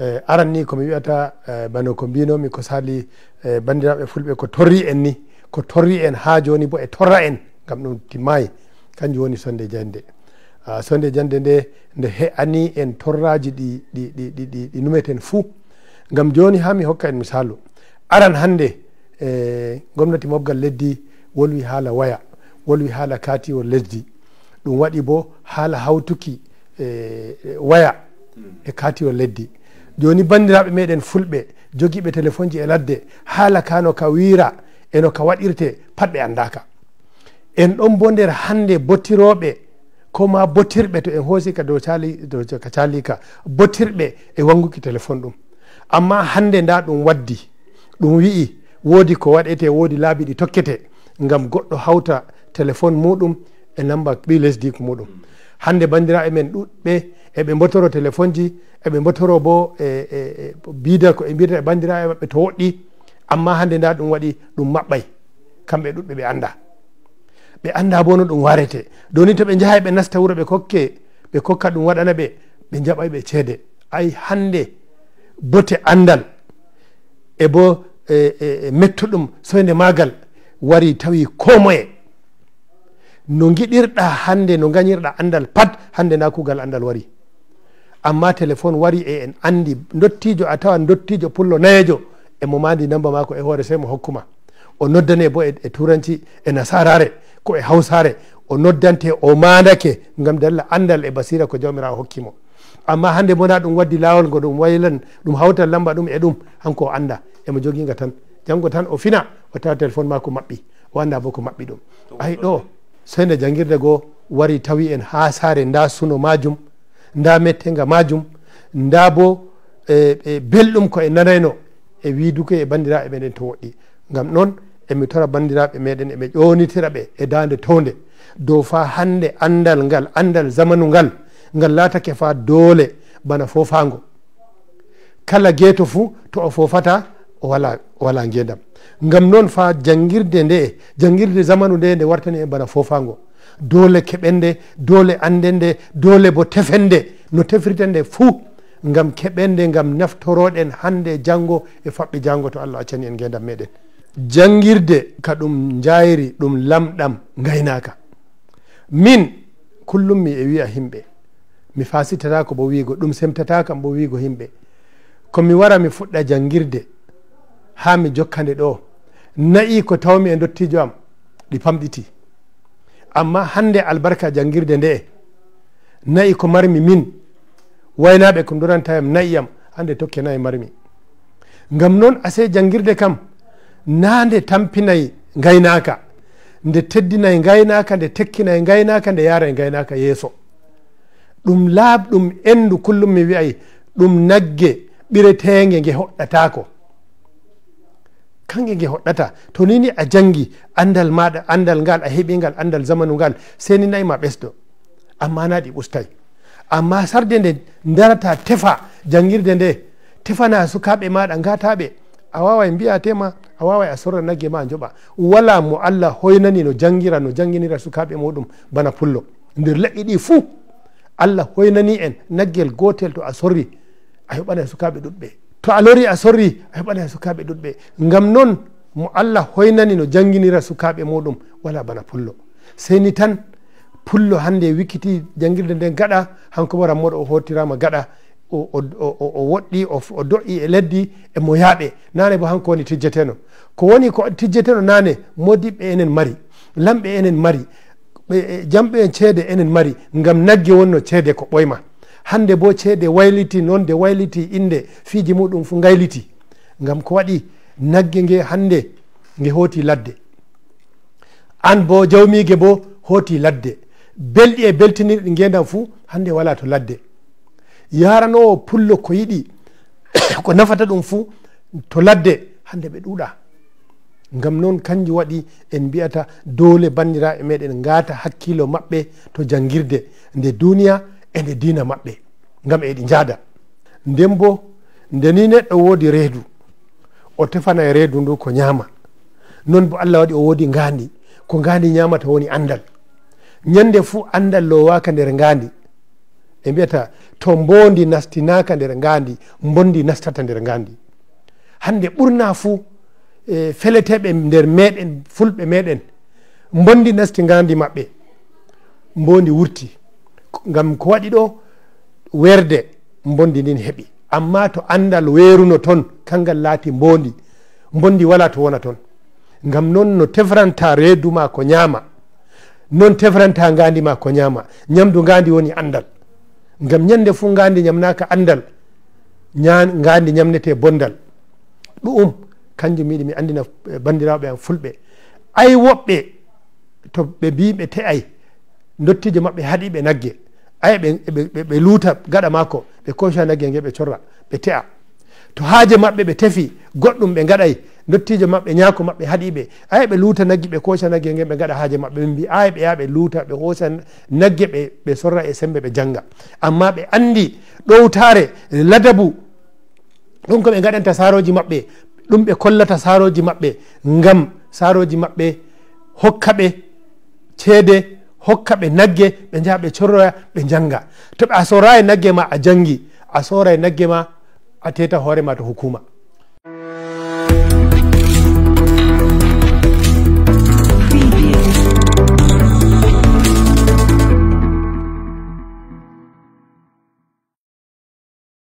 E, aran ni komi wiyata e, bano ko mbinomi ko sali e, bandiraɓe fulɓe ko torri en ni ko torri en ha joni bo e torra en gam ɗum timmayi kanju woni sonde jande sonde jande nde nde heani en torraji ɗiɗiɗiɗi numeten fuu gam joni ha mi hokka en misalu aran hande e gomnati mobgal leddi wolwi haala waya wolwi haala katiwo lesdi ɗum waɗi bo haala hawtuki e waya e katiwo leddi joni bandiraɓe meɗen fulɓe jogiɓe téléphone ji e ladde haala ka no ka wiira eno ka waɗirte patɓe anndaka en ɗon bo nder hannde bottiroɓe koma bottirɓe to en hoosika dow cali ka caalika bottirɓe e wanguki téléphone ɗum amma hannde nda ɗum waddi ɗum wi'i woodi ko waɗete woodi laabi ɗi tokkete ngam goɗɗo hawta téléphone muɗum e namba bi lesdi ko muɗum mm. hannde banndiraaɓe men ɗuɓɓe eɓe mbotoro téléphone ji eɓe mbotoro bo e, e, e biidal ko ɓe mbiyata e banndiraaɓe maɓɓe to woɗɗi amma hannde nda ɗum waɗi ɗum maɓɓay kamɓe ɗuɓɓe ɓe annda ɓe annda bo no ɗum warete do ni to ɓe njaha e ɓe nasta wuro ɓe kokke ɓe kokka ɗum waɗana ɓe ɓe jaɓay ɓe ceede ay hannde bote anndal e bo e mettuɗum soyde maagal wari tawi komoye no giɗirɗa hande no gañirɗa andal pat hande na kugal andal wari amma téléphone wari e en andi dottijo a tawa dottijo pullo nayejo emo mandi namba mako e hoore sey mo hokkuma o noddane bo e touranci e, e nasarare ko e hawsare o noddante o mandake gam dalla andal e basira ko jawmira hokkimo amma hande mona ɗum waddi lawol ngo ɗum waylan ɗum hawtal lamba ɗum e ɗum hanko o anda emo joguinga tan janggo tan o fina o tawa téléphone mako mabɓi o anda bo ko mabɓi ɗum ayi ɗo soy nde jangirde goo wari tawi en ha saare nda suno majum nda mettega majum nda bo e, e belɗum ko e nanayno e wiiduke e bandiraɓe meɗen to woɗɗi gam noon emi tora bandiraɓe meɗen eɓe ƴonitira ɓe e dande towde dow fa hande andal ngal andal zamanu ngal ngal laatake fa doole bana fofago kala geeto fuu to o fofata wala wala ngendam ngam noon fa jangirde nde jangirde zamanu nde nde wartani en bana fofango doole keɓende doole andende doole bo tefende no tefritende fuu ngam keɓende ngam naftoroɗen hande janngo e faɓɓi janngo to allah accani en ngendam meɗen jangirde ka ɗum jayri ɗum lamɗam gaynaka min kullum mi e wiya himɓe mi fasitatako bo wiigo ɗum semtatakam bo wiigo himɓe komi wara mi fuɗɗa jangirde ha mi jokkande ɗo nayi ko tawmi e dottijo am ɗi pamɗiti amma hande albarka jangirde nde nayi ko marmi min waynaɓe ko duranta nayi yam hande tokke nayi marmi gam noon asey jangirde kam nande tampinayi gaynaka nde teddinayi gaynaka nde tekkinayi gaynaka nde yara e gaynaka e yeeso ɗum laaɓ ɗum endu kullummi wiyayi ɗum nagge ɓiretege nge hoɗɗatako kanke nge hoɗɗata to nini a janggi andal maɗa andal ngal a heɓingal andal zamanu ngal seni nayi ma ɓesɗo amma naɗi ɓustay amma sarde nde darata tefa janngirde nde tefana sukaɓe maɗa gataɓe a wawai mbiyatema a wawai a sorra nagge ma joɓa wala mo allah hoynani no janngira no janginira sukaɓe muɗum bana pullo nder leƴƴi ɗi fuu allah hoynani en naggel gotel to a sorri a heɓana sukaɓe ɗuɗɓe to a lori a sorri a heɓanaya sukaɓe ɗuɗɓe gam noon mo allah hoynani no jangguinira sukaɓe muɗum wala bana pullo seni tan pullo hande e wikkiti jangguirde nde gaɗa hanko wara moɗo o hotirama gaɗa o woɗɗi o doƴi e leddi emo yaaɓe nane bo hanko woni tijjeteno ko woni ko tijjeteno nane modiɓɓe enen mari lamɓe enen mari e, jamɓe en ceede enen mari gam nagge wonno ceede ko ɓoyma hande bo ceede wayliti noon de wayliti inde fiiji muɗum fu gayliti gam ko waɗi nagge nge hande nge hooti ladde an bo jawmige bo hooti ladde belɗi e beltinir ɗi ngendam fu hande wala to ladde yaranowo pullo ko yiɗi ko nafata ɗum fu to ladde hande ɓe ɗuuɗa gam noon kanjum waɗi en mbiyata dowle bandiraɓe meɗen gaata hakkillo maɓɓe to janngirde nde duniya ene diina maɓɓe gam eɗi jaada nden bo ndeni neɗɗo woodi reedu o tefana e reedu ndu ko ñaama noon bo allah waɗi o woodi ngaandi ko ngaandi ñaamata woni anndal ñannde fuu anndal lowaaka nder ngaandi ɓe mbiyata to mboondi nastinaaka nder ngaandi mbondi nastata nder ngaandi hannde ɓurna fuu e feleteɓe nder meɗen fulɓe meɗen mbondi nasti ngaandi maɓɓe mboondi wurti gam ko waɗi ɗo werde bondi ndin heeɓi amma to andal weeruno toon kangal laati mbondi bondi wala to wona toon gam noon no tefranta reedu ma ko ñaama noon tefranta ngandi ma ko ñaama ñamdu ngandi woni andal gam ñande fu ngandi ñamnaka andal ngandi ñamnete bondal ɗum kanjum miɗi mi andina eh, bandiraɓe am fulɓe ay woɓɓe to ɓe mbiɓe te ay dottijo maɓɓe haɗi ɓe nagge aya ɓe luuta gaɗa makko ɓe kocha nagge nge ɓe corra ɓe te'a to haaje maɓɓe ɓe tefi goɗɗum ɓe gaɗay dottijo maɓɓe ñaako maɓɓe haɗiɓe aya ɓe luuta naggi ɓe kocha nagge nge ɓe gaɗa haaje maɓɓe ɓe mbi aya ɓe yaa ɓe luuta ɓe hoosa nagge ɓe sorra e sembe ɓe jannga amma ɓe anndi ɗowtaare ladabu ɗum ko ɓe gaɗanta saroji maɓɓe ɗum ɓe kollata saroji maɓɓe ngam saroji maɓɓe hokka ɓe ceede hokka ɓe nagge ɓe jaha ɓe corroya ɓe janga to ɓe a sora e nagge ma a jangi a sora e nagge ma a teta hoorema to hukuma